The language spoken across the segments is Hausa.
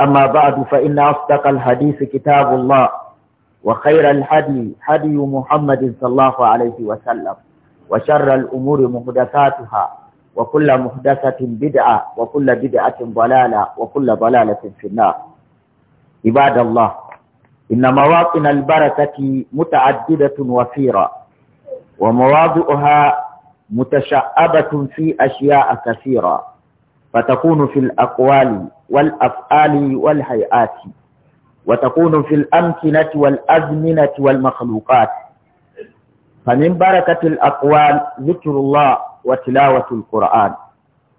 أما بعد فإن أصدق الحديث كتاب الله وخير الهدي هدي محمد صلى الله عليه وسلم وشر الأمور محدثاتها وكل محدثة بدعة وكل بدعة ضلالة وكل ضلالة في النار عباد الله إن مواطن البركة متعددة وفيرة ومواضعها متشعبة في أشياء كثيرة فتكون في الأقوال والأفعال والهيئات وتكون في الأمكنة والأزمنة والمخلوقات فمن بركة الأقوال ذكر الله وتلاوة القرآن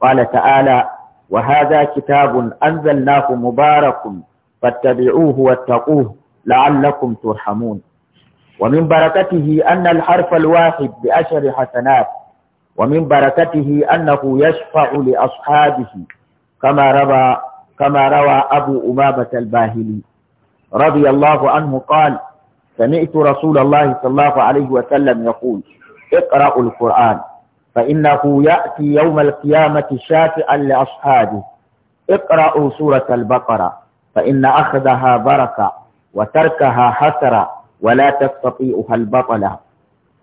قال تعالى وهذا كتاب أنزلناه مبارك فاتبعوه واتقوه لعلكم ترحمون ومن بركته أن الحرف الواحد بأشر حسنات ومن بركته أنه يشفع لأصحابه كما روى كما روى أبو أمامة الباهلي رضي الله عنه قال سمعت رسول الله صلى الله عليه وسلم يقول اقرأوا القرآن فإنه يأتي يوم القيامة شافعا لأصحابه اقرأوا سورة البقرة فإن أخذها بركة وتركها حسرة ولا تستطيعها البطلة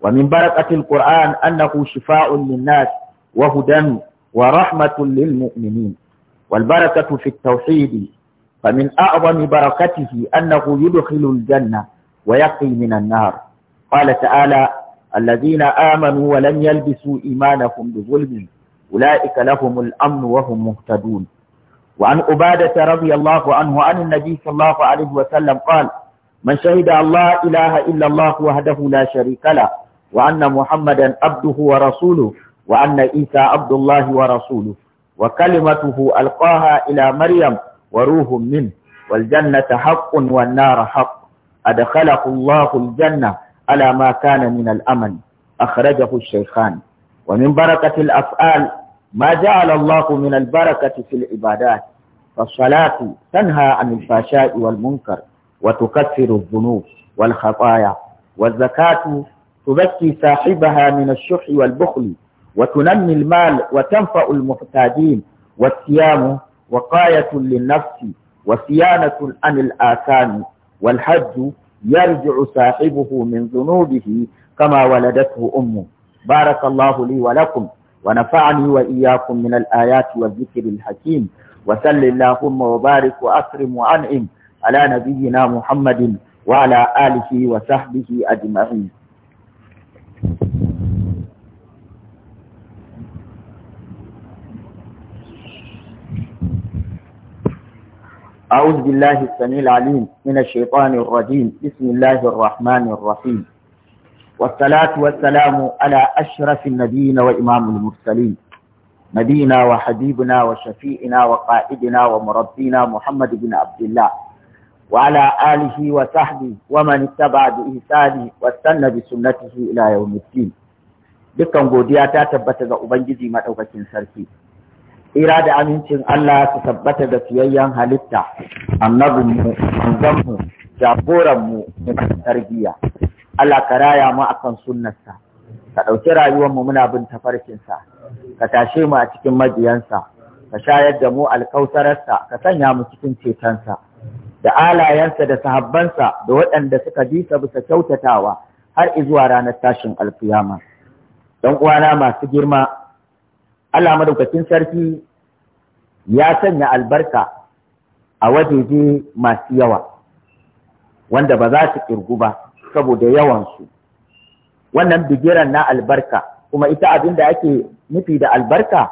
ومن بركة القرآن أنه شفاء للناس وهدى ورحمة للمؤمنين والبركة في التوحيد فمن أعظم بركته أنه يدخل الجنة ويقي من النار قال تعالى الذين آمنوا ولم يلبسوا إيمانهم بظلم أولئك لهم الأمن وهم مهتدون وعن عبادة رضي الله عنه عن النبي صلى الله عليه وسلم قال من شهد الله إله إلا الله وحده لا شريك له وأن محمدا عبده ورسوله وأن عيسى عبد الله ورسوله وكلمته ألقاها إلى مريم وروح منه والجنة حق والنار حق أدخله الله الجنة على ما كان من الأمن أخرجه الشيخان ومن بركة الأفعال ما جعل الله من البركة في العبادات فالصلاة تنهى عن الفحشاء والمنكر وتكثر الذنوب والخطايا والزكاة تبكي صاحبها من الشح والبخل وتنمي المال وتنفع المحتاجين والصيام وقاية للنفس وصيانة عن الآثام والحج يرجع صاحبه من ذنوبه كما ولدته أمه بارك الله لي ولكم ونفعني وإياكم من الآيات والذكر الحكيم وسل اللهم وبارك وأكرم وأنعم على نبينا محمد وعلى آله وصحبه أجمعين أعوذ بالله السميع العليم من الشيطان الرجيم بسم الله الرحمن الرحيم والصلاة والسلام على أشرف النبيين وإمام المرسلين نبينا وحبيبنا وشفيئنا وقائدنا ومربينا محمد بن عبد الله وعلى آله وصحبه ومن اتبع بإحسانه واستنى بسنته إلى يوم الدين dukkan godiya ta tabbata ga Ubangiji maɗaukakin sarki. Ira da amincin Allah su tabbata ga fiyayyen halitta, annabinmu, manzanmu, jagoranmu, mai tarbiyya. Allah ka raya mu akan sunnarsa, ka ɗauki rayuwanmu muna bin tafarkinsa, ka tashe mu a cikin majiyansa, ka shayar da mu alkautararsa ka sanya mu cikin cetonsa. da alayensa da sahabbansa da waɗanda suka bi sa bisa kyautatawa har izuwa ranar tashin alkiyama dan uwana masu girma Allah madaukakin sarki ya sanya albarka a wajeje masu yawa wanda ba za su kirgu ba saboda yawansu wannan bigiran na albarka kuma ita abin da ake nufi da albarka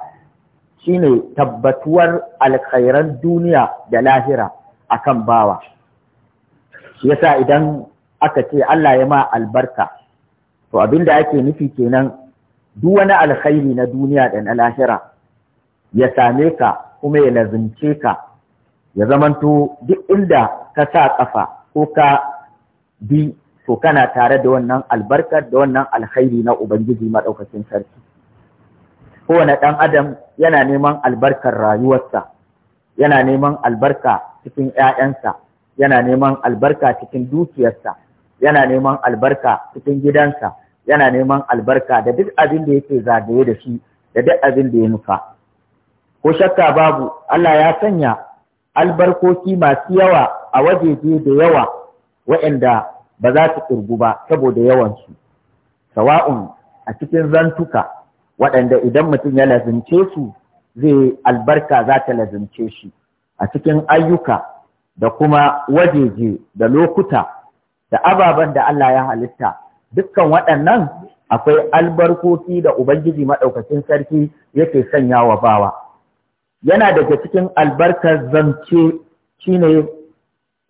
shine tabbatuwar alkhairan duniya da lahira akan bawa shi yasa idan aka ce Allah ya ma albarka to abinda ake nufi kenan duk wani alkhairi na duniya da na lahira ya same ka kuma ya lazimce ka ya zamanto duk inda ka sa kafa ko ka bi to kana tare da wannan albarkar da wannan alkhairi na ubangiji maɗaukacin sarki kowane ɗan adam yana neman albarkar rayuwarsa yana neman albarka cikin ‘ya'yansa, yana neman albarka cikin dukiyarsa, yana neman albarka cikin gidansa, yana neman albarka da duk abin da yake zagaye da shi, da duk abin da ya nufa. Ko shakka babu, Allah ya sanya albarkoki masu yawa a wajeje da yawa waɗanda ba za su ƙirgu ba saboda yawansu, sawa'un a cikin zantuka waɗanda idan mutum ya lazimce su zai albarka za ta lazimce shi. a cikin ayyuka da kuma wajeje da lokuta da ababen da Allah ya halitta dukkan waɗannan akwai albarkoki da Ubangiji maɗaukacin sarki yake sanya wa bawa. Yana daga cikin albarkar zance shine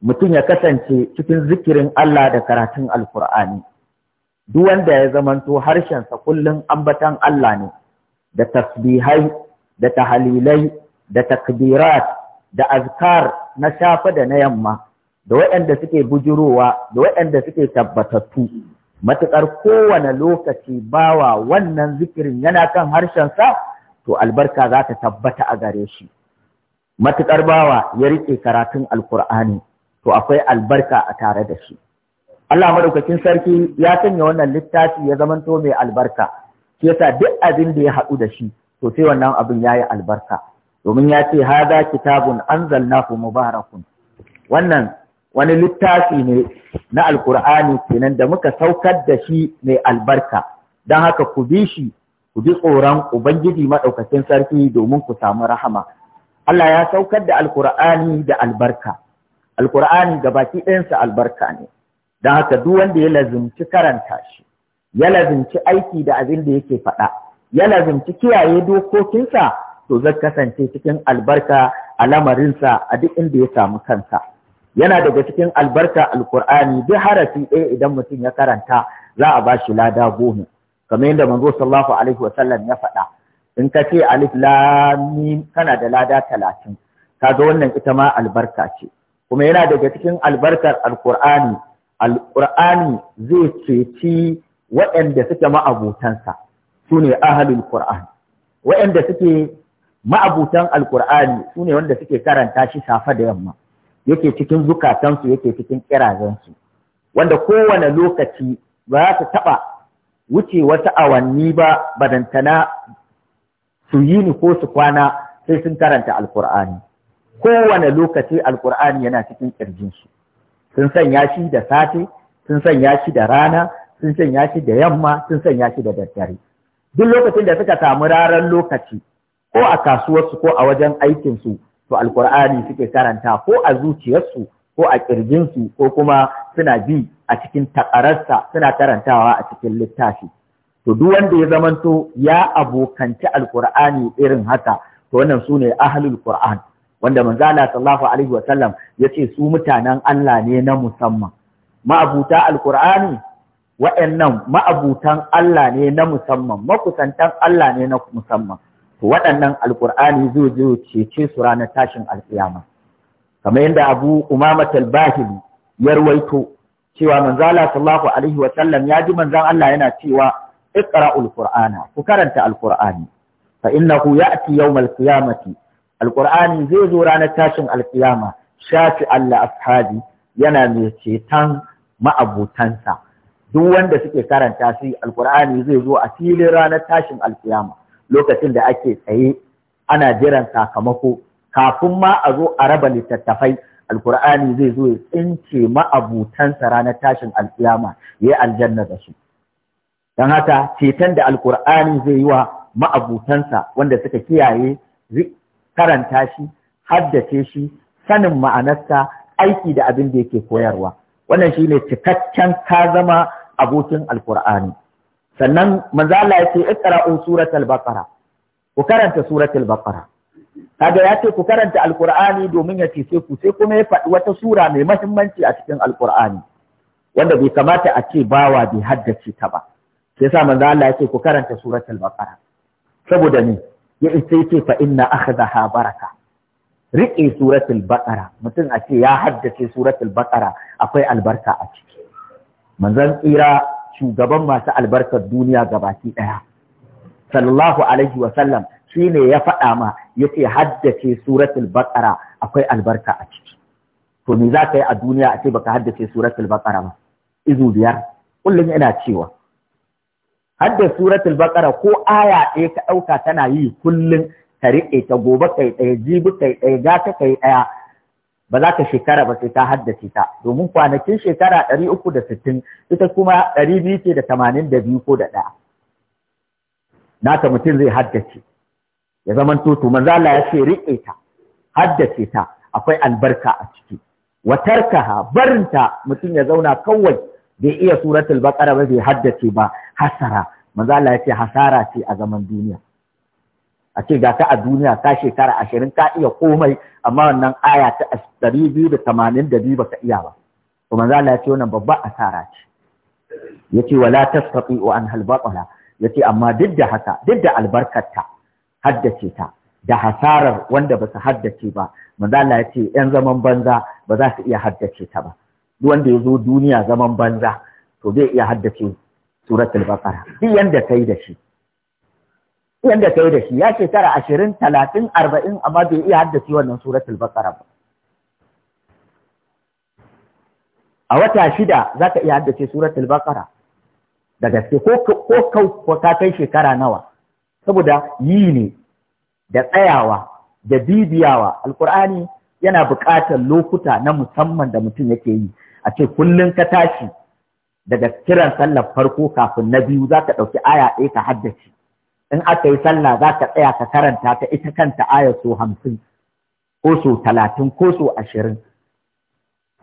mutum ya kasance cikin zikirin Allah da karatun Alkur'ani. Duk wanda ya zamanto harshensa kullum ambatan Allah ne, da tasbihai, da tahalilai, da takbirat, da azkar na shafa da na yamma da waɗanda suke bujurowa da waɗanda suke tabbatattu matuƙar kowane lokaci bawa wannan zikirin yana kan harshensa to albarka za ta tabbata a gare shi matuƙar bawa ya riƙe karatun alkur'ani to akwai albarka a tare da shi Allah madaukakin sarki ya sanya wannan littafi ya zamanto mai albarka shi yasa duk abin da ya haɗu da shi to sai wannan abin yayi albarka domin ya ce hada kitabun anzalnahu mubarakun wannan wani littafi ne na alkur'ani kenan da muka saukar da shi mai albarka don haka ku bi shi ku bi tsoron ubangiji maɗaukacin sarki domin ku samu rahama Allah ya saukar da alkur'ani da albarka alkur'ani ga baki ɗayansa albarka ne don haka duk wanda ya lazimci karanta shi ya lazimci aiki da abin da yake faɗa ya lazimci kiyaye dokokinsa to zai kasance cikin albarka a lamarinsa a duk inda ya samu kansa yana daga cikin albarka alkur'ani duk harafi ɗaya idan mutum ya karanta za a bashi lada goma kamar yadda manzo sallallahu alaihi wasallam ya faɗa in ka ce alif lami kana da lada talatin kaga wannan ita ma albarka ce kuma yana daga cikin albarkar alkur'ani alkur'ani zai ceci waɗanda suke ma'abutansa su ne ahalul qur'an waɗanda suke ma'abutan alkur'ani su ne wanda suke karanta shi safa da yamma yake cikin zukatansu yake cikin kirazansu wanda kowane lokaci ba za su taɓa wuce wata awanni ba badantana su yi ni ko su kwana sai sun karanta alkur'ani kowane lokaci alkur'ani yana cikin ƙirjinsu sun sanya shi da safe sun sanya shi da rana sun sanya shi da yamma sun sanya shi da daddare duk lokacin da suka samu raran lokaci ko a kasuwarsu ko a wajen aikinsu to alkur'ani suke karanta ko a zuciyarsu ko a ƙirjinsu ko kuma suna bi a cikin takararsa suna karantawa a cikin littafi to duk wanda ya zamanto ya abokanci alkur'ani irin haka to wannan su ne ahlul qur'an wanda manzala sallallahu alaihi wasallam ya ce su mutanen Allah ne na musamman ma'abuta alkur'ani wa'annan ma'abutan Allah ne na musamman makusantan Allah ne na musamman waɗannan alkur'ani zai zo cece su ranar tashin alkiyama kamar yadda abu umama Bahiri, ya ruwaito cewa manzala sallallahu alaihi wa sallam ya ji manzan Allah yana cewa iqra'ul qur'ana ku karanta alqur'ani fa innahu ya'ti yawmal qiyamati Alƙur'ani zai zo ranar tashin alkiyama shafi Allah ashabi yana mai ceton ma'abutansa duk wanda suke karanta shi Alƙur'ani zai zo a filin ranar tashin alkiyama lokacin da ake tsaye ana jiran sakamako kafin ma a zo a raba littattafai alkur'ani zai zo ya tsince ma'abutansa ranar tashin alkiyama ya yi aljanna da su don haka ceton da alkur'ani zai yi wa ma'abutansa wanda suka kiyaye karanta shi haddace shi sanin ma'anarsa aiki da abin da yake koyarwa wannan shine cikakken ka zama abokin alkur'ani sannan manzo Allah ya ce iqra'u suratul baqara ku karanta suratul baqara kaga ya ce ku karanta alqur'ani domin ya cece ku sai kuma ya faɗi wata sura mai mahimmanci a cikin alqur'ani wanda bai kamata a ce bawa bai haddace ta ba sai sa manzo Allah ya ce ku karanta suratul baqara saboda ne ya isa ce fa inna akhadha baraka riƙe suratul baqara mutum a ce ya haddace suratul baqara akwai albarka a ciki manzon tsira shugaban masu albarkar duniya gabaki ɗaya. Sallallahu Alaihi wasallam shi ne ya faɗa ma ya ce haddace suratul baƙara akwai albarka a ciki. To me za ka yi a duniya a ce baka haddace suratul baƙara ba? Izu biyar, kullum ina cewa. Hadda suratul baƙara ko aya ɗaya ka ɗauka tana yi kullum ka riƙe ta gobe kai ɗaya jibi kai ɗaya gata kai ɗaya ba za ka shekara ba sai ta haddace ta domin kwanakin shekara ɗari uku da sittin ita kuma ɗari biyu ce da tamanin da biyu ko da ɗaya naka mutum zai haddace ya zaman tutu manzala ya ce riƙe ta haddace ta akwai albarka a ciki watarkaha barinta mutum ya zauna kawai bai iya suratul baqara ba bai haddace ba hasara maza la ya ce hasara ce a zaman duniya a ce ga ka a duniya ka shekara ashirin ka iya komai amma wannan aya ta ɗari biyu da tamanin da biyu baka iya ba to manzo Allah ya ce wannan babba asara ce yace wala tastati wa an halbatala yace amma duk da haka duk da albarkarta haddace ta da hasarar wanda ba su haddace ba manzo Allah ce yan zaman banza ba za su iya haddace ta ba duk wanda ya zo duniya zaman banza to zai iya haddace suratul baqara duk yanda kai da shi yadda ta yi da shi ya shekara ashirin talatin arba'in amma bai iya haddace wannan suratul baqara ba a wata shida za ka iya haddace suratul baqara da gaske ko ka kai shekara nawa saboda yi ne da tsayawa da bibiyawa alkur'ani yana buƙatar lokuta na musamman da mutum yake yi a ce kullum ka tashi daga kiran sallar farko kafin na biyu za ka ɗauki aya ɗaya ka haddace in aka yi sallah za ka tsaya ka karanta ta ita kanta aya so hamsin ko su talatin ko su ashirin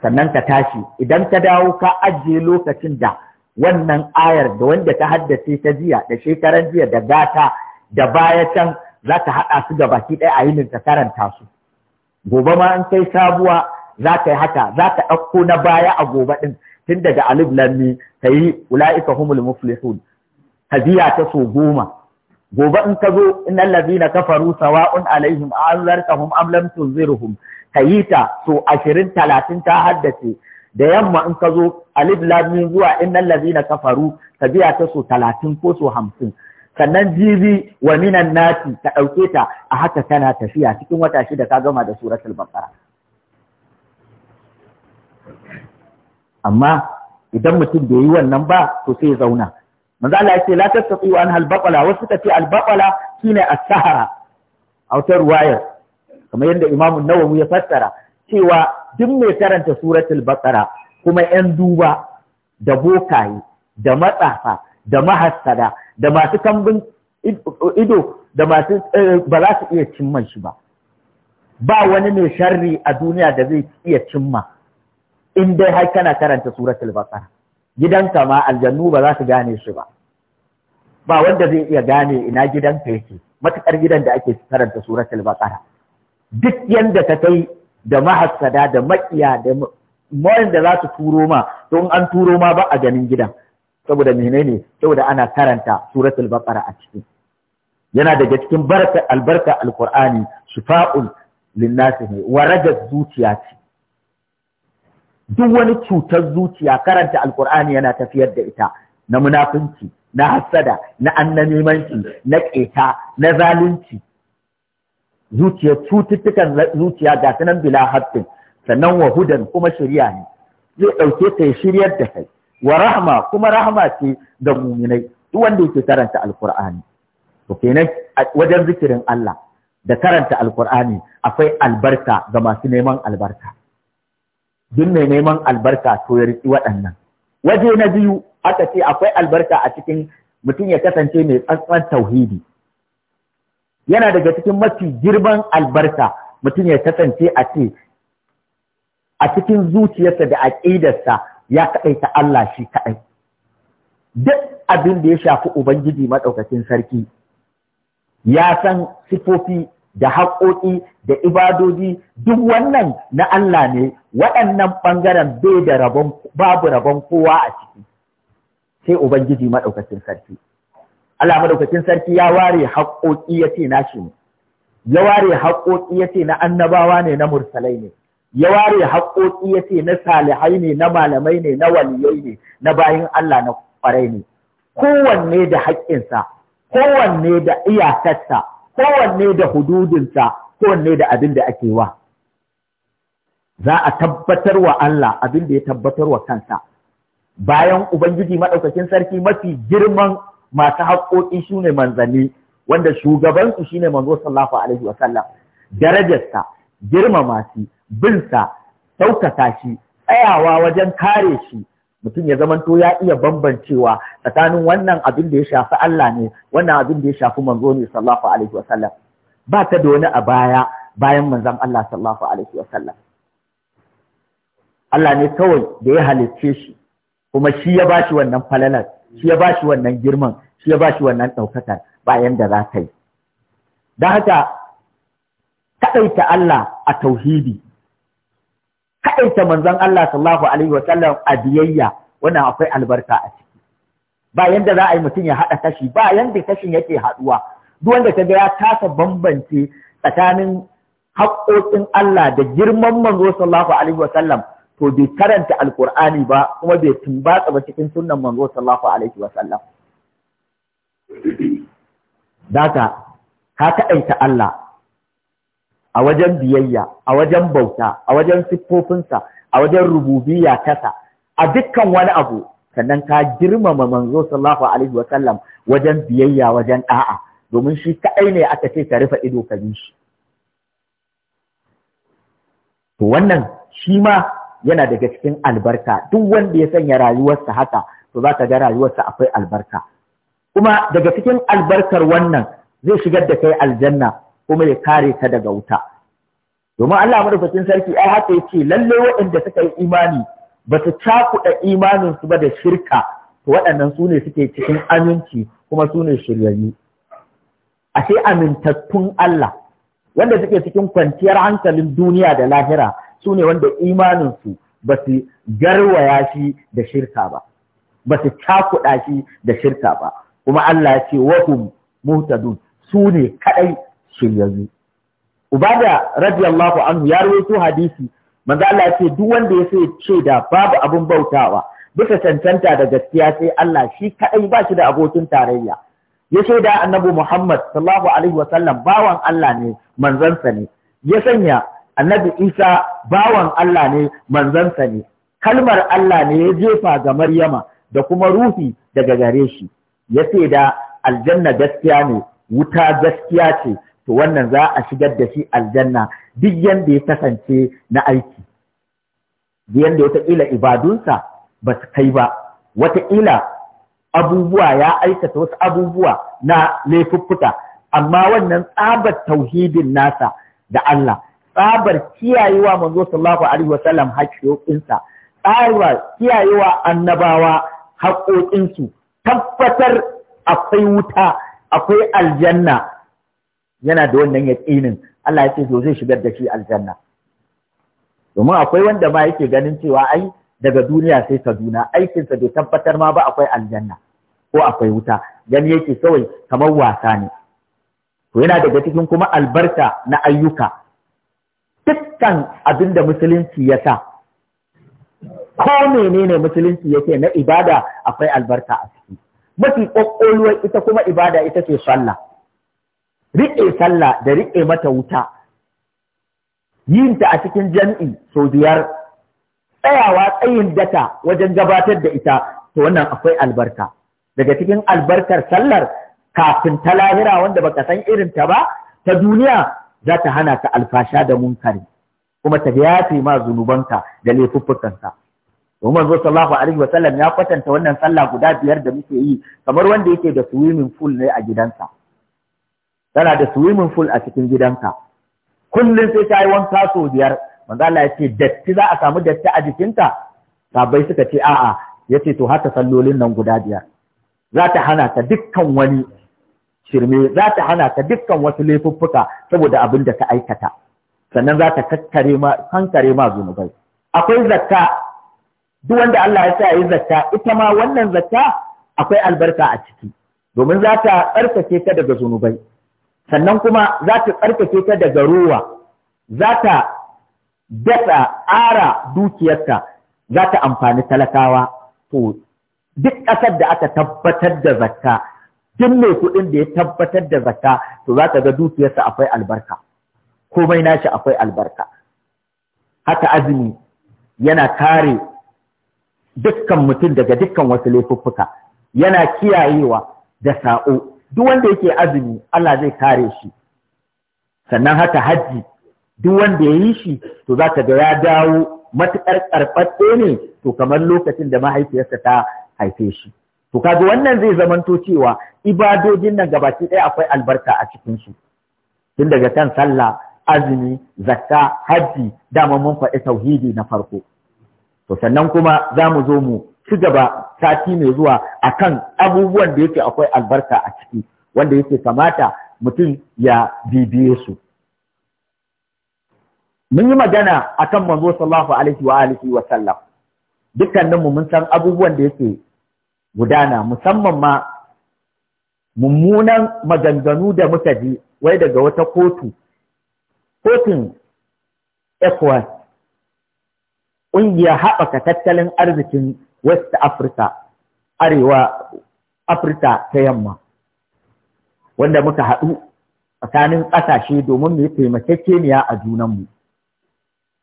sannan ka tashi idan ka dawo ka ajiye lokacin da wannan ayar da wanda ta haddace ta jiya da shekaran jiya da gata da baya can za ka haɗa su ga baki ɗaya a yinin ka karanta su gobe ma in kai sabuwa za ka yi haka za ka ɗauko na baya a gobe ɗin tun daga alif lammi ka yi ula'ika humul muflihun ka ta so goma gobe in ka zo innal ladina kafaru sawa'un alaihim anzartahum am lam tunzirhum kayita so 20 30 ta haddace da yamma in ka zo alif lam mim zuwa innal ladina kafaru ka biya ta so 30 ko so 50 sannan jibi wa minan nati ka dauke ta a haka tana tafiya cikin wata shida ka gama da suratul baqara amma idan mutum bai yi wannan ba to sai ya zauna manzo Allah ya ce la tastati an hal baqala wasu suka al baqala shine as-sahara a wata ruwayar kamar yadda Imam Nawawi ya fassara cewa duk mai karanta suratul baqara kuma yan duba da bokaye da matsafa da mahassada da masu kambin ido da masu eh, ba za su iya cimman shi ba ba wani mai sharri a duniya da zai iya cimma in dai har kana karanta suratul baqara gidanka ma aljannu ba za su gane shi ba ba wanda zai iya gane ina gidanka yake Matuƙar gidan da ake karanta suratul baqara duk yanda ta kai da mahassada da makiya da mawan da za su turo ma to in an turo ma ba a ganin gidan saboda menene saboda ana karanta suratul baqara a cikin? yana daga cikin barka albarka alqur'ani shifa'un linnasi ne warajat zuciya ce duk wani cutar zuciya karanta alkur'ani yana tafiyar da ita na munafunci na hassada na annamimanci na ƙeta na zalunci zuciya cututtukan zuciya ga sanan bila haddin sannan wa hudan kuma shiriya ne zai ɗauke ta ya shiryar da kai wa rahma kuma rahma ce ga muminai duk wanda yake karanta alkur'ani to kenan wajen zikirin Allah da karanta alkur'ani akwai albarka ga masu neman albarka duk mai neman albarka to ya riƙi waɗannan waje na biyu aka ce akwai albarka a cikin mutum ya kasance mai tsantsan tauhidi yana daga cikin mafi girman albarka mutum ya kasance a ce a cikin zuciyarsa da aƙidarsa ya kaɗaita Allah shi kaɗai duk abin da ya shafi ubangiji maɗaukakin sarki ya san sifofi da haƙoƙi da ibadodi duk wannan na Allah ne waɗannan ɓangaren bai da rabon babu rabon kowa a ciki sai ubangiji maɗaukacin sarki Allah maɗaukacin sarki ya ware haƙoƙi ya ce nashi ne ya ware haƙoƙi ya na annabawa ne na mursalai ne ya ware haƙoƙi ya na salihai ne na malamai ne na waliyai ne na bayin Allah na ƙwarai ne kowanne da haƙƙinsa kowanne da iyakarsa kowanne da hududinsa kowanne da abin da ake wa za a tabbatar wa Allah abin da ya tabbatar wa kansa bayan ubangiji maɗaukakin sarki mafi girman masu haƙoƙi shi ne manzanni wanda shugabansu ne manzo sallallahu alaihi wa sallam darajarsa girmama shi binsa ɗaukaka shi tsayawa wajen kare shi mutum ya zama to ya iya bambancewa tsakanin wannan abin da ya shafi Allah ne wannan abin da ya shafi manzo ne sallallahu alaihi sallam ba ta da wani a baya bayan manzon Allah sallallahu alaihi sallam. Allah ne kawai da ya halicce shi kuma shi ya bashi wannan falalar shi ya bashi wannan girman shi ya bashi wannan ɗaukakar bayan da za ta yi don haka taɗaita Allah a tauhidi kaɗaita manzon Allah sallallahu alaihi wa sallam a biyayya wannan akwai albarka a ciki ba yanda za a yi mutum ya haɗa kashi ba yanda kashin yake haɗuwa duk wanda ga ya kasa bambance tsakanin haƙoƙin Allah da girman manzo sallallahu alaihi wa sallam to bai karanta alkur'ani ba kuma bai tumbatsa ba cikin sunnan manzo sallallahu alaihi wa sallam daka ka kaɗaita Allah a wajen biyayya a wajen bauta a wajen siffofinsa a wajen rububiya kasa, a dukkan wani abu sannan ka girmama manzo sallallahu alaihi wa sallam wajen biyayya wajen da'a domin shi kaɗai ne aka ce ka rufe ido ka yi shi to wannan shi ma yana daga cikin albarka duk wanda ya sanya rayuwarsa haka to za ka ga rayuwarsa akwai albarka kuma daga cikin albarkar wannan zai shigar da kai aljanna kuma ya kare ta daga wuta domin Allah madaukakin sarki ai haka yake lalle waɗanda suka yi imani ba su cakuɗa imaninsu su ba da shirka to waɗannan su ne suke cikin aminci kuma su ne shiryayyu ashe amintattun Allah wanda suke cikin kwanciyar hankalin duniya da lahira su ne wanda imaninsu su ba su garwaya shi da shirka ba ba su cakuɗa shi da shirka ba kuma Allah ya ce wahum muhtadun su ne kadai yanzu ubada radiyallahu anhu ya rawaito hadisi manzo Allah ce duk wanda ya sai ce da babu abin bautawa bisa cancanta da gaskiya sai Allah shi kaɗai ba shi da abokin tarayya ya ce da annabi Muhammad sallallahu alaihi wa sallam bawan Allah ne manzansa ne ya sanya annabi Isa bawan Allah ne manzansa ne kalmar Allah ne ya jefa ga Maryama da kuma ruhi daga gare shi ya ce da aljanna gaskiya ne wuta gaskiya ce to wannan za a shigar da shi aljanna duk yanda ya kasance na aiki duk yanda wataƙila ibadunsa ba su kai ba wataƙila abubuwa ya aikata wasu abubuwa na laifuffuka amma wannan tsabar tauhidin nasa da Allah tsabar kiyayewa manzo sallallahu alaihi wasallam haƙƙoƙinsa tsabar kiyayewa annabawa haƙoƙinsu tabbatar akwai wuta akwai aljanna yana da wannan yaƙinin Allah ya ce to zai shigar da shi aljanna domin akwai wanda ma yake ganin cewa ai daga duniya sai Kaduna aikinsa bai tabbatar ma ba akwai aljanna ko akwai wuta gani yake kawai kamar wasa ne to yana daga cikin kuma albarka na ayyuka dukkan abin da musulunci ya sa ko menene musulunci yake na ibada akwai albarka a ciki mafi ƙwaƙƙoluwar ita kuma ibada ita ce sallah riƙe sallah da riƙe mata wuta yin ta a cikin jam'i sau biyar tsayawa tsayin data wajen gabatar da ita to wannan akwai albarka daga cikin albarkar sallar kafin ta lahira wanda baka san irin ta ba ta duniya za ta hana ta alfasha da munkari kuma ta yafe ma zunubanka da laifuffukanka Umar zo sallallahu alaihi wasallam ya kwatanta wannan sallah guda biyar da muke yi kamar wanda yake da swimming pool ne a gidansa tana da swimming pool a cikin gidanka kullum sai ta yi wanka sau biyar manzo ya ce datti za a samu datti a jikinta sabai suka ce a'a ya ce to haka sallolin nan guda biyar za ta hana ta dukkan wani shirme za ta hana ta dukkan wasu laifuffuka saboda abin da ka aikata sannan za ta kankare ma kankare ma zunubai akwai zakka duk wanda Allah ya sa yi zakka ita ma wannan zakka akwai albarka a ciki domin za ta tsarkake ka daga zunubai sannan kuma za ta tsarkake ta daga ruwa za ta daɗa ara dukiyarta za ta amfani talakawa to duk ƙasar da aka tabbatar da zakka duk mai kuɗin da ya tabbatar da zakka to za ta ga dukiyarsa akwai albarka komai nashi akwai albarka haka azumi yana kare dukkan mutum daga dukkan wasu laifuffuka yana kiyayewa da sa'o duk wanda yake azumi Allah zai kare shi sannan haka hajji duk wanda ya yi shi to za ka ga ya dawo matuƙar karɓaɓɓe ne to kamar lokacin da mahaifiyarsa ta haife shi to kaga wannan zai zamanto cewa ibadojin nan gabaki ɗaya akwai albarka a cikin su tun daga kan sallah azumi zakka hajji dama mun faɗi tauhidi na farko to sannan kuma za mu zo mu ci gaba sati mai zuwa akan abubuwan da yake akwai albarka a ciki wanda yake kamata mutum ya bibiye su mun yi magana akan manzo sallallahu alaihi wa alihi wa sallam dukkaninmu mun san abubuwan da yake gudana musamman ma mummunan maganganu da muka ji wai daga wata kotu kotun ECOWAS ƙungiyar haɓaka tattalin arzikin West Africa, Arewa Afirka ta yamma, wanda muka haɗu tsakanin ƙasashe domin mu yi taimakekeniya a junanmu.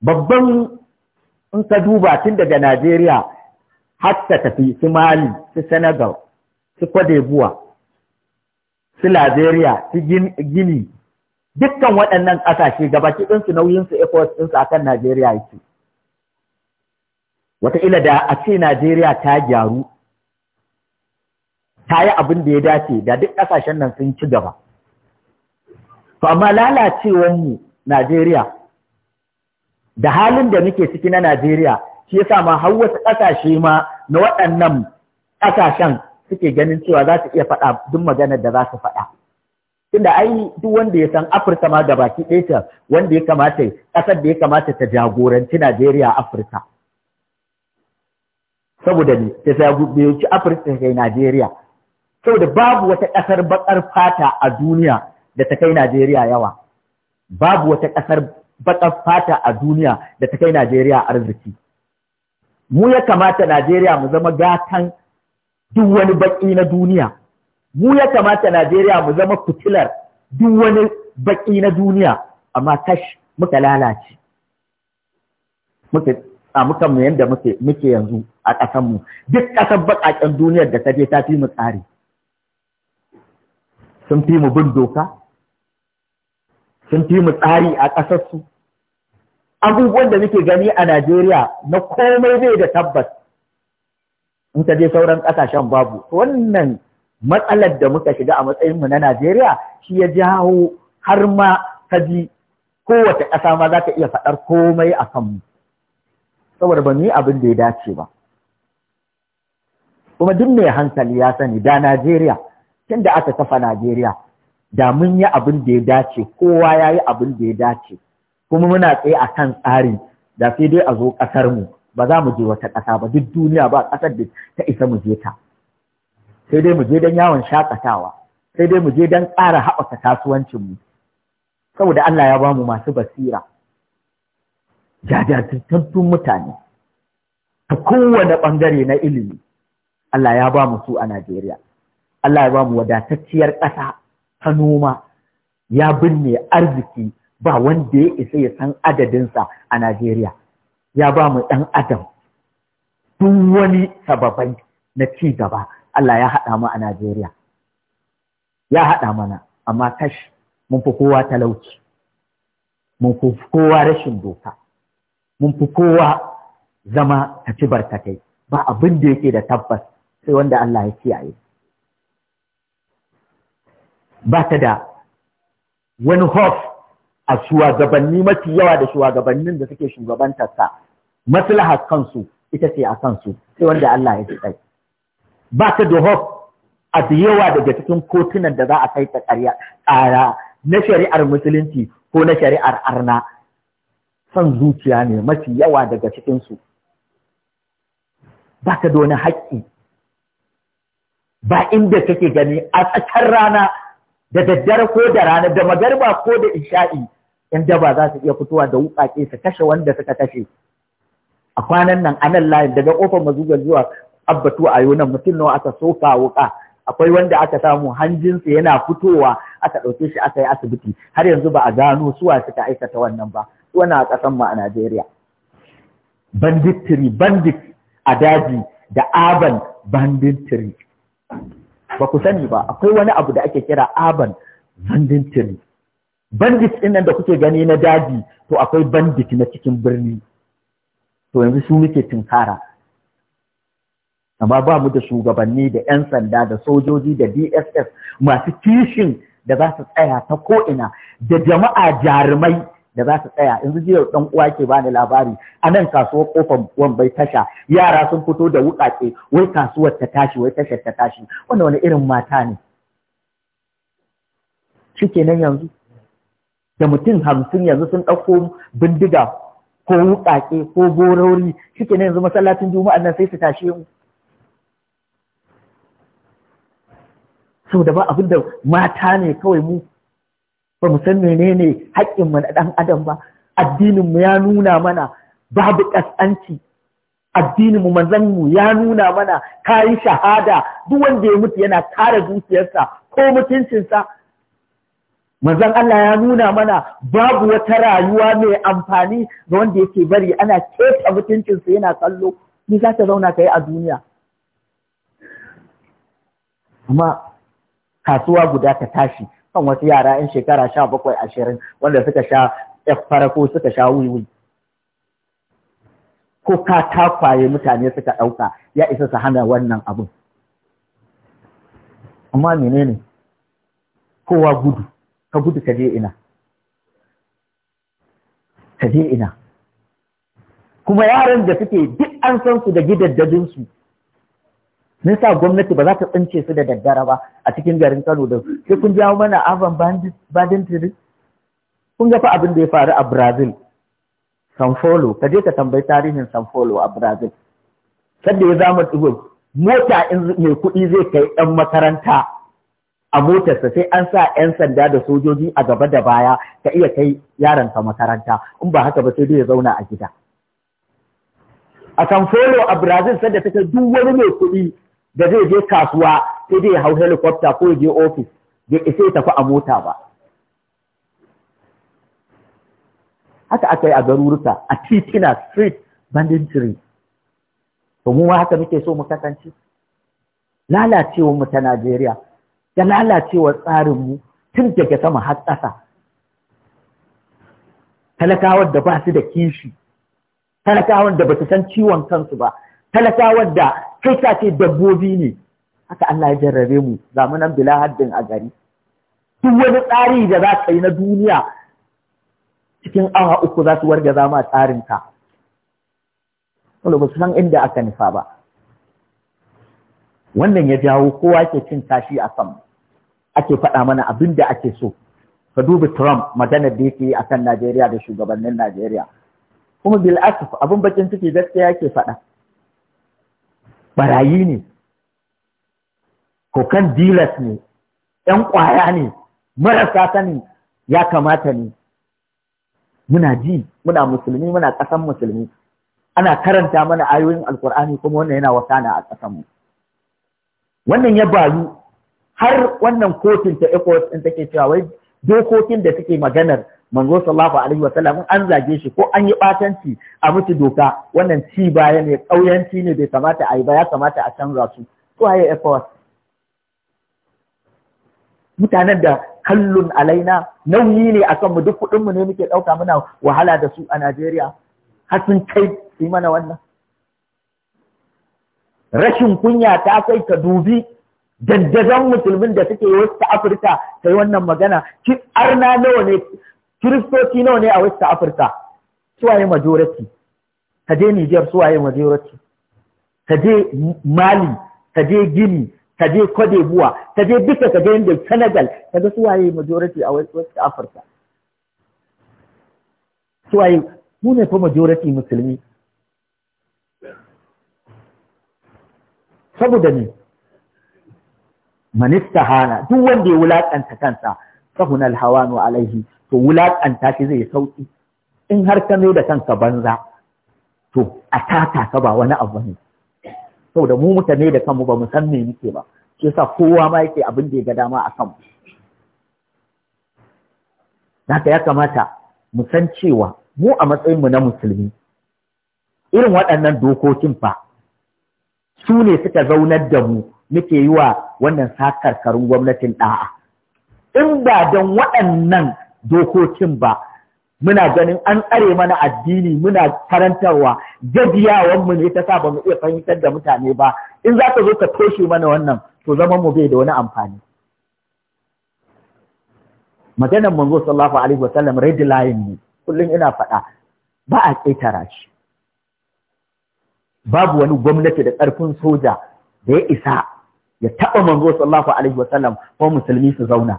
Babban in ka duba tun daga Najeriya har ta tafi su Mali, su Senegal, su Cote su Liberia, su Gini, dukkan waɗannan ƙasashe gabaki ɗinsu nauyinsu ECOWAS ɗinsu akan Najeriya yake. wataƙila da a ce Najeriya ta gyaru ta yi abin da ya dace da duk ƙasashen nan sun ci gaba. To amma lalacewanmu Najeriya da halin da muke ciki na Najeriya shi sa ma har wasu ƙasashe ma na waɗannan ƙasashen suke ganin cewa za su iya faɗa duk maganar da za su faɗa. Tunda ai duk wanda ya san Afirka ma gabaki ɗaya wanda ya kamata ƙasar da ya kamata ta jagoranci Najeriya Afirka. saboda ne ta sa gube ci afirka kai najeriya saboda babu wata ƙasar baƙar fata a duniya da ta kai najeriya yawa babu wata ƙasar baƙar fata a duniya da ta kai najeriya arziki mu ya kamata najeriya mu zama gatan duk wani baƙi na duniya mu ya kamata najeriya mu zama fitilar duk wani baƙi na duniya amma kash muka lalace a mu yanda muke yanzu a ƙasanmu duk ƙasar baƙaƙen duniyar da ta je ta fi mu tsari sun fi mu bin doka sun fi mu tsari a ƙasarsu. abubuwan da muke gani a Najeriya na komai bai da tabbas in ta je sauran ƙasashen babu wannan matsalar da muka shiga a matsayinmu na Najeriya shi ya jawo har ma ka ji kowace ƙasa ma za ta iya faɗar komai a kanmu saboda ba yi abin da ya dace ba kuma duk mai hankali ya sani da Najeriya tun da aka kafa Najeriya da mun yi abin da ya dace kowa ya yi abin da ya dace kuma muna tsaye a kan tsari da sai dai a zo ƙasar mu ba za mu je wata ƙasa ba duk duniya ba ƙasar da ta isa mu je ta sai dai mu je don yawon shakatawa sai dai mu je don ƙara haɓaka kasuwancinmu saboda Allah ya bamu masu basira jajirtattun mutane ta kowane ɓangare na ilimi Allah ya ba mu su a Najeriya Allah ya ba mu wadatacciyar ƙasa ta noma ya binne arziki ba wanda ya isa ya san adadinsa a Najeriya ya ba mu ɗan adam duk wani sababai na ci gaba Allah ya haɗa mu a Najeriya ya haɗa mana amma kashi mun fi kowa talauci mun fi kowa rashin doka mun fi kowa zama ta ci barkatai ba abin da yake da tabbas sai wanda Allah ya kiyaye ba ta da wani hof a shugabanni mafi yawa da shugabannin da suke shugabantarsa maslahar kansu ita ce a kansu sai wanda Allah ya kiyaye ba ta da hof a da yawa daga cikin kotunan da za a kai ta ƙara na shari'ar musulunci ko na shari'ar arna son zuciya ne mafi yawa daga cikinsu ba ka da haƙƙi ba inda kake gani a tsakar rana da daddare ko da rana da magarba ko da isha'i yan daba za su iya fitowa da ke su kashe wanda suka kashe a kwanan nan anan layin daga ƙofar mazugar zuwa abbatu a yunan, mutum nawa aka soka wuƙa akwai wanda aka samu hanjinsa yana fitowa aka ɗauke shi aka yi asibiti har yanzu ba a gano suwa suka aikata wannan ba wana a ƙasan mu a Najeriya banditiri bandit a daji da aban banditiri ba ku sani ba akwai wani abu da ake kira aban banditiri bandit din nan da kuke gani na daji to akwai bandit na cikin birni to yanzu su muke tunkara amma ba mu da shugabanni da 'yan sanda da sojoji da dss masu kishin da za su tsaya ta ko'ina da jama'a jarumai da za su tsaya in jiya dan uwa ke bani labari a nan kasuwar kofar bai tasha yara sun fito da wukake wai kasuwar ta tashi wai tashar ta tashi wanda wani irin mata ne shikenan yanzu da mutum hamsin yanzu sun ɗauko bindiga ko wukake ko gorori shikenan yanzu masallacin juma'a nan sai su tashe mu da ba abin da mata ne kawai mu ba mu san menene haƙƙin mu na ɗan adam ba addinin mu ya nuna mana babu ƙasƙanci addinin mu manzon mu ya nuna mana kayi shahada duk wanda ya mutu yana kare dukiyarsa ko mutuncinsa manzon Allah ya nuna mana babu wata rayuwa mai amfani ga wanda yake bari ana keta mutuncinsa yana kallo ni za ta zauna ka a duniya amma kasuwa guda ta tashi kan wasu yara in shekara sha bakwai ashirin wanda suka sha farako suka sha wiwi ko ka takwaye mutane suka ɗauka ya isa su hana wannan abin amma menene kowa gudu ka gudu ka je ina ka je ina kuma yaran da suke duk an san su da gidaddadinsu mun sa gwamnati ba za ta tsince su da daddare ba a cikin garin Kano da sai kun jawo mana avan badin tiri kun ga fa abin da ya faru a Brazil San Paulo ka je ka tambayi tarihin San Paulo a Brazil sadda ya zama dubo mota in mai kuɗi zai kai ɗan makaranta a motarsa sai an sa 'yan sanda da sojoji a gaba da baya ka iya kai yaronka makaranta in ba haka ba sai dai ya zauna a gida a sanfolo a Brazil sadda ta duk wani mai kuɗi da zai je kasuwa sai dai hau helikopta ko je ofis ya isa ya tafi a mota ba haka aka yi a garuruka a titina street banditry to mu haka muke so mu kasance lalacewar mu ta Najeriya da lalacewar tsarin mu tun daga sama har ƙasa talakawar da ba su da kishi talakawar da ba su san ciwon kansu ba talakawar da kai ka ce dabbobi ne haka Allah ya jarrabe mu Zamunan bila haddin a gari duk wani tsari da za ka yi na duniya cikin awa uku za su warga za ma tsarin ka wanda ba su san inda aka nufa ba wannan ya jawo kowa ke cin tashi a kan ake faɗa mana abin da ake so ka duba Trump maganar da yake yi akan Najeriya da shugabannin Najeriya kuma bil asif abin bakin ciki gaskiya ke faɗa barayi ne kokan dilas ne ‘yan ƙwaya ne marasa sani ya kamata ne muna ji muna musulmi muna ƙasan musulmi ana karanta mana ayoyin alkur'ani kuma wannan yana wasana a ƙasanmu wannan ya bayu har wannan kotun ta ecos ɗin take cewa wai dokokin da suke maganar manzo sallallahu alaihi wa sallam an zage shi ko an yi batanci a mutu doka wannan ci baya ne kauyanci ne bai kamata a yi ba ya kamata a canza su to haye effort mutanen da kallun alaina nauyi ne akan mu duk kuɗin mu ne muke ɗauka muna wahala da su a Najeriya har sun kai su mana wannan rashin kunya ta kai ka dubi Daddazen musulmin da suke wasu ta Afirka ta wannan magana ki arna nawa ne kiristoci nawa ne a west africa suwaye majority ka je niger suwaye majority ka je mali ka je gini ka je cote ka je duka ka je inda senegal ka ga suwaye majority a west africa suwaye mu ne fa majority musulmi saboda ne manista hana duk wanda ya wulakanta kansa sahun alhawanu alaihi to wulaƙanta shi zai sauki in har ka mai da kanka banza to a tata ka ba wani abu ne saboda mu muka da kanmu ba mu san me muke ba shi yasa kowa ma yake abin da ya ga dama a kanmu haka ya kamata mu san cewa mu a matsayin mu na musulmi irin waɗannan dokokin fa su ne suka zaunar da mu muke yi wa wannan sakarkarun gwamnatin ɗa'a in ba don waɗannan dokokin ba muna ganin an tsare mana addini muna karantarwa mu ne ta sa ba mu iya fahimtar da mutane ba in za ka zo ka toshe mana wannan to zaman mu bai da wani amfani maganar manzo sallallahu alaihi wa sallam red line ne kullum ina faɗa ba a ƙetara shi babu wani gwamnati da ƙarfin soja da ya isa ya taɓa manzo sallallahu alaihi wa sallam ko musulmi su zauna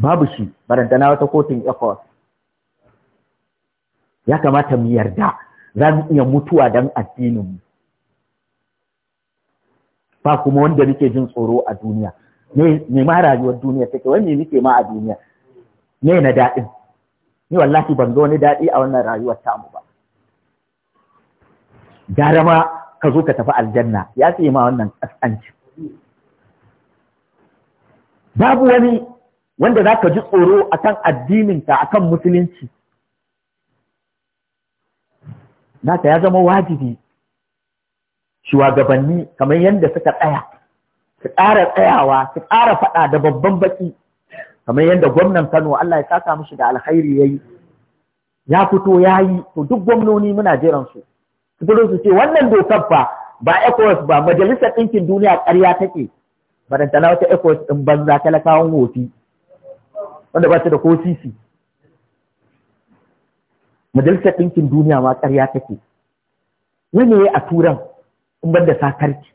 babu shi barantana wata kotun ecos ya kamata mu yarda za mu iya mutuwa don addininmu ba kuma wanda muke jin tsoro a duniya me ma rayuwar duniya take wani muke ma a duniya me na daɗin ni wallahi ban ga wani daɗi a wannan rayuwar tamu ba gara ma ka zo ka tafi aljanna ya fi ma wannan ƙasƙanci babu wani wanda za ka ji tsoro a kan addininka a kan musulunci naka ya zama wajibi shugabanni kamar yadda suka tsaya su ƙara tsayawa su ƙara faɗa da babban baƙi kamar yadda gwamnan Kano Allah ya saka mishi da alkhairi yi, ya fito ya yi. to duk gwamnoni muna jiransu. su su ce wannan dokar fa ba ECOWAS ba majalisar ɗinkin duniya ƙarya take barantana wata ECOWAS ɗin banza talakawan hoti. wanda ba da ko sisi majalisar ɗinkin duniya ma ƙarya take wani a turan in ban da sakarci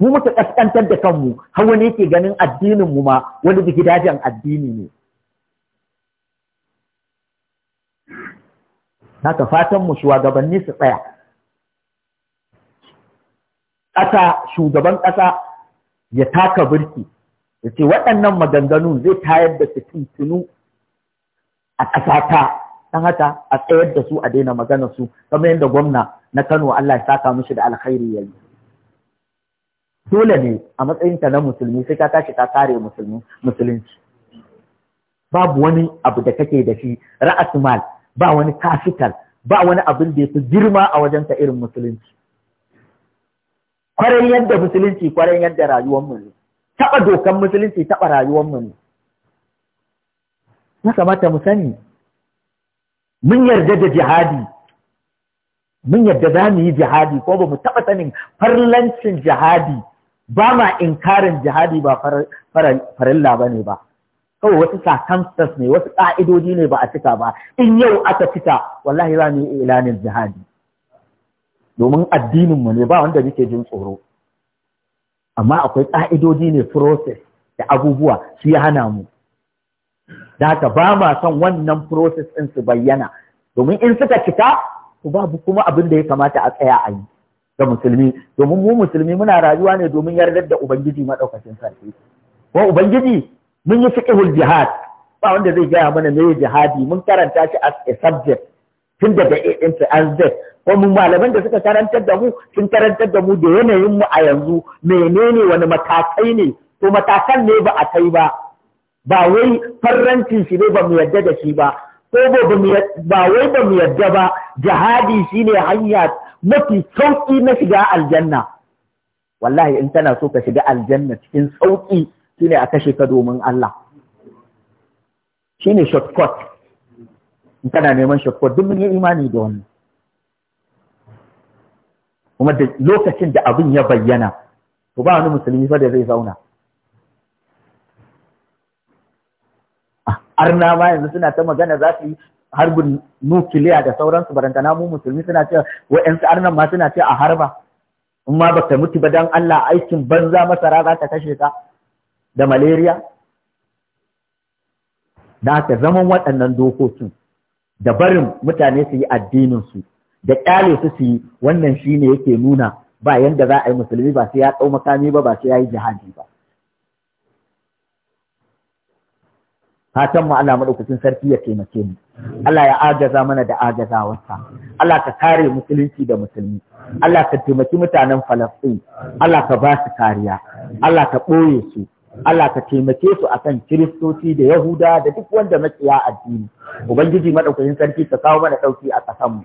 mu muka ƙasƙantar da kanmu har wani yake ganin addininmu ma wani da gidajen addini ne haka fatan mu shugabanni su tsaya ƙasa shugaban ƙasa ya taka birki yace waɗannan maganganu zai tayar da fitintunu a ƙasata don haka a tsayar da su a daina magana su kamar yadda gwamna na Kano Allah ya saka mishi da alkhairi yayi dole ne a matsayin ta na musulmi sai ka tashi ka kare musulmi musulunci babu wani abu da kake da shi ra'asmal ba wani kafital ba wani abin da yafi girma a wajen ta irin musulunci kwarai yadda musulunci kwarai yadda rayuwar mu ne taɓa dokan musulunci taɓa mu ne ya kamata mu sani mun yarda da jihadi mun yarda za mu yi jihadi ko ba mu taɓa sanin farlancin jihadi ba ma inkarin jihadi ba farilla ba ne ba kawai wasu circumstances ne wasu ƙa'idoji ne ba a cika ba in yau aka fita, wallahi za mu yi ilanin jihadi domin addininmu ne ba wanda muke jin tsoro amma akwai ƙa'idodi ne process da abubuwa su ya hana mu da haka ba ma son wannan process ɗin su bayyana domin in suka cika to babu kuma abin da ya kamata a tsaya a yi ga musulmi domin mu musulmi muna rayuwa ne domin yardar da ubangiji maɗaukacin sarki ko ubangiji mun yi fiqhul jihad ba wanda zai gaya mana me jihadi mun karanta shi as a subject tun daga A an zai, kuma malaman da suka karantar da mu sun karantar da mu da yanayin mu a yanzu menene wani matakai ne to matakan ne ba a kai ba ba wai farrancin shi ne ba mu yadda da shi ba ko ba wai ba mu yadda ba jihadi shine hanya mafi sauƙi na shiga aljanna wallahi in tana so ka shiga aljanna cikin sauƙi shine a kashe ka domin Allah shine shortcut in kana neman shakkuwa duk mun yi imani da wannan kuma da lokacin da abin ya bayyana to ba wani musulmi fa da zai zauna ah, arna ma yanzu suna ta magana za su yi harbin nukiliya da sauransu barantana mu musulmi suna cewa wa'yansu arnan ma suna cewa a harba in ma ba ka mutu ba don Allah aikin banza masara za ta kashe ka da malaria da aka zaman waɗannan dokokin da barin mutane su yi addinin su da kyale su su yi wannan shine yake nuna ba yanda za a yi musulmi ba sai ya ɗau makami ba ba sai ya yi jihadi ba fatan mu Allah madaukakin sarki ya taimake mu Allah ya agaza mana da agazawarsa Allah ka kare musulunci da musulmi Allah ka taimaki mutanen Falastin Allah ka ba su kariya Allah ka ɓoye su Allah ka taimake su akan kiristoci da yahuda da duk wanda makiya addini ubangiji maɗaukakin sarki ka kawo mana ɗauki a kasan mu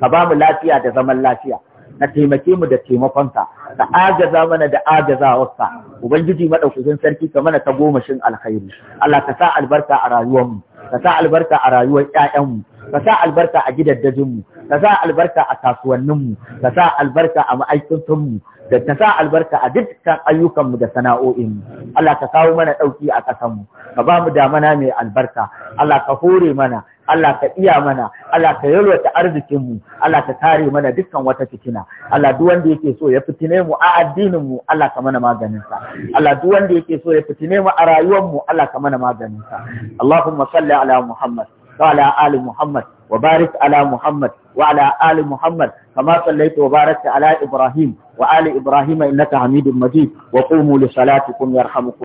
ka ba mu lafiya da zaman lafiya ka taimake mu da taimakonka ka agaza mana da agazawarka ubangiji madaukakin sarki ka mana ta gomashin alkhairi Allah ka sa albarka a rayuwarmu ka sa albarka a rayuwar 'ya'yanmu. ka sa albarka a gidaddajinmu ka sa albarka a kasuwanninmu ka sa albarka a ma'aikatunmu da ta sa albarka a dukkan ayyukanmu da sana'o'inmu Allah ka kawo mana ɗauki a ƙasanmu ka ba mu damana mai albarka Allah ka hore mana Allah ka iya mana Allah ka yalwata arzikinmu Allah ka kare mana dukkan wata fitina Allah duk wanda yake so ya fitine mu a addininmu Allah ka mana maganinsa Allah duk wanda yake so ya fitine mu a rayuwarmu Allah ka mana maganinsa Allahumma salli ala Muhammad wa ala ali Muhammad وبارك على محمد وعلى آل محمد كما صليت وباركت على إبراهيم وآل إبراهيم إنك حميد مجيد وقوموا لصلاتكم يرحمكم